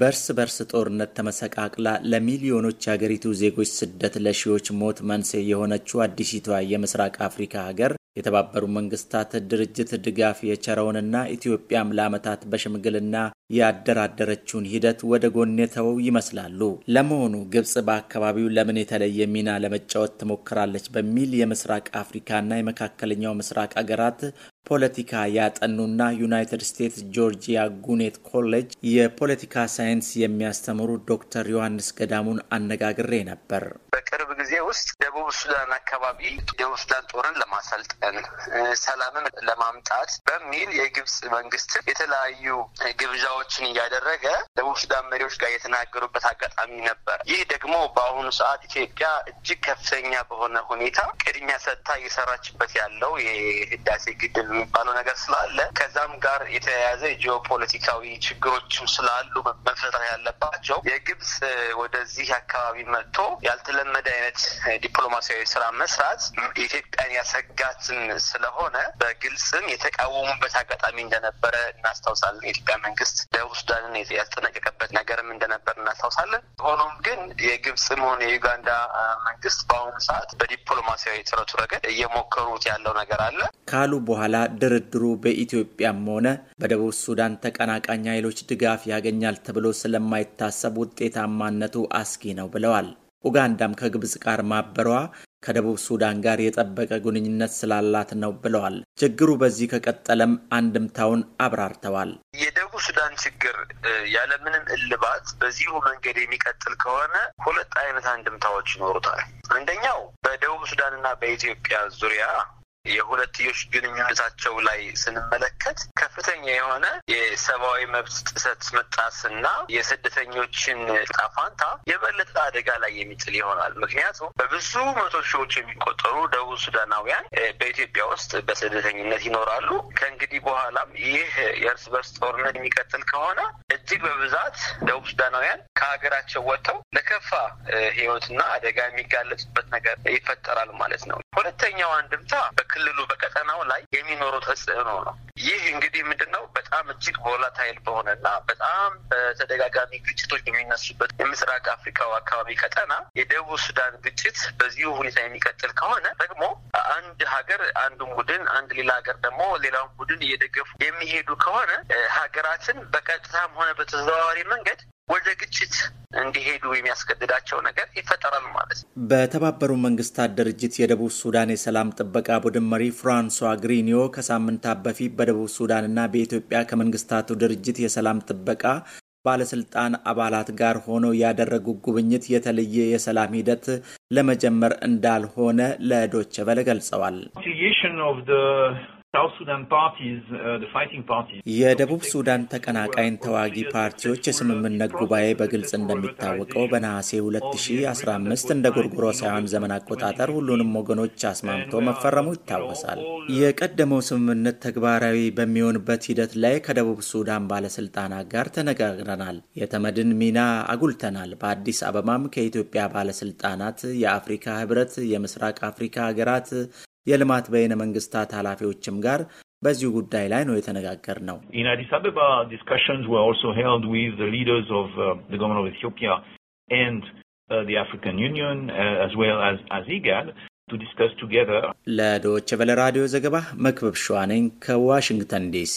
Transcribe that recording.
በርስ በርስ ጦርነት ተመሰቃቅላ ለሚሊዮኖች የአገሪቱ ዜጎች ስደት ለሺዎች ሞት መንስኤ የሆነችው አዲሲቷ የምስራቅ አፍሪካ ሀገር የተባበሩት መንግስታት ድርጅት ድጋፍ የቸረውንና ኢትዮጵያም ለዓመታት በሽምግልና ያደራደረችውን ሂደት ወደ ጎን የተወው ይመስላሉ። ለመሆኑ ግብጽ በአካባቢው ለምን የተለየ ሚና ለመጫወት ትሞክራለች? በሚል የምስራቅ አፍሪካና የመካከለኛው ምስራቅ አገራት ፖለቲካ ያጠኑና ዩናይትድ ስቴትስ ጆርጂያ ጉኔት ኮሌጅ የፖለቲካ ሳይንስ የሚያስተምሩ ዶክተር ዮሐንስ ገዳሙን አነጋግሬ ነበር። ጊዜ ውስጥ ደቡብ ሱዳን አካባቢ ደቡብ ሱዳን ጦርን ለማሰልጠን ሰላምን ለማምጣት በሚል የግብጽ መንግስት የተለያዩ ግብዣዎችን እያደረገ ደቡብ ሱዳን መሪዎች ጋር የተናገሩበት አጋጣሚ ነበር። ይህ ደግሞ በአሁኑ ሰዓት ኢትዮጵያ እጅግ ከፍተኛ በሆነ ሁኔታ ቅድሚያ ሰጥታ እየሰራችበት ያለው የህዳሴ ግድብ የሚባለው ነገር ስላለ ከዛም ጋር የተያያዘ ጂኦፖለቲካዊ ችግሮችም ስላሉ መፈጠር ያለባቸው የግብጽ ወደዚህ አካባቢ መጥቶ ያልተለመደ አይነት አይነት ዲፕሎማሲያዊ ስራ መስራት ኢትዮጵያን ያሰጋትን ስለሆነ በግልጽም የተቃወሙበት አጋጣሚ እንደነበረ እናስታውሳለን። የኢትዮጵያ መንግስት ደቡብ ሱዳንን ያስጠነቀቀበት ነገርም እንደነበር እናስታውሳለን። ሆኖም ግን የግብፅም ሆነ የዩጋንዳ መንግስት በአሁኑ ሰዓት በዲፕሎማሲያዊ ጥረቱ ረገድ እየሞከሩት ያለው ነገር አለ ካሉ በኋላ ድርድሩ በኢትዮጵያም ሆነ በደቡብ ሱዳን ተቀናቃኝ ኃይሎች ድጋፍ ያገኛል ተብሎ ስለማይታሰብ ውጤታማነቱ አስጊ ነው ብለዋል። ኡጋንዳም ከግብፅ ጋር ማበሯ ከደቡብ ሱዳን ጋር የጠበቀ ግንኙነት ስላላት ነው ብለዋል። ችግሩ በዚህ ከቀጠለም አንድምታውን አብራርተዋል። የደቡብ ሱዳን ችግር ያለምንም እልባት በዚሁ መንገድ የሚቀጥል ከሆነ ሁለት አይነት አንድምታዎች ይኖሩታል። አንደኛው በደቡብ ሱዳንና በኢትዮጵያ ዙሪያ የሁለትዮሽ ግንኙነታቸው ላይ ስንመለከት ከፍተኛ የሆነ የሰብአዊ መብት ጥሰት መጣስና የስደተኞችን ጣፋንታ የበለጠ አደጋ ላይ የሚጥል ይሆናል። ምክንያቱም በብዙ መቶ ሺዎች የሚቆጠሩ ደቡብ ሱዳናውያን በኢትዮጵያ ውስጥ በስደተኝነት ይኖራሉ። ከእንግዲህ በኋላም ይህ የእርስ በርስ ጦርነት የሚቀጥል ከሆነ እጅግ በብዛት ደቡብ ሱዳናውያን ከሀገራቸው ወጥተው ለከፋ ህይወትና አደጋ የሚጋለጡበት ነገር ይፈጠራል ማለት ነው። ሁለተኛው አንድምታ በክልሉ በቀጠናው ላይ የሚኖሩ ተጽዕኖ ነው። ይህ እንግዲህ ምንድን ነው በጣም እጅግ ቮላታይል በሆነ በጣም በተደጋጋሚ ግጭቶች በሚነሱበት የምስራቅ አፍሪካው አካባቢ ቀጠና የደቡብ ሱዳን ግጭት በዚሁ ሁኔታ የሚቀጥል ከሆነ ደግሞ አንድ ሀገር አንዱን ቡድን አንድ ሌላ ሀገር ደግሞ ሌላውን ቡድን እየደገፉ የሚሄዱ ከሆነ ሀገራትን በቀጥታም ሆነ በተዘዋዋሪ መንገድ ወደ ግጭት እንዲሄዱ የሚያስገድዳቸው ነገር ይፈጠራል ማለት ነው። በተባበሩ መንግስታት ድርጅት የደቡብ ሱዳን የሰላም ጥበቃ ቡድን መሪ ፍራንሷ ግሪኒዮ ከሳምንታት በፊት በደቡብ ሱዳንና በኢትዮጵያ ከመንግስታቱ ድርጅት የሰላም ጥበቃ ባለስልጣን አባላት ጋር ሆነው ያደረጉ ጉብኝት የተለየ የሰላም ሂደት ለመጀመር እንዳልሆነ ለዶቸበለ ገልጸዋል። Uh, የደቡብ ሱዳን ተቀናቃኝ ተዋጊ ፓርቲዎች የስምምነት ጉባኤ በግልጽ እንደሚታወቀው በነሐሴ 2015 እንደ ጎርጎሮሳውያን ዘመን አቆጣጠር ሁሉንም ወገኖች አስማምቶ መፈረሙ ይታወሳል። የቀደመው ስምምነት ተግባራዊ በሚሆንበት ሂደት ላይ ከደቡብ ሱዳን ባለስልጣናት ጋር ተነጋግረናል። የተመድን ሚና አጉልተናል። በአዲስ አበባም ከኢትዮጵያ ባለስልጣናት፣ የአፍሪካ ህብረት፣ የምስራቅ አፍሪካ ሀገራት የልማት በይነ መንግስታት ኃላፊዎችም ጋር በዚሁ ጉዳይ ላይ ነው የተነጋገር ነው። አዲስ አበባ አፍሪካን ራዲዮ ዘገባ መክበብ ሸዋነኝ ከዋሽንግተን ዲሲ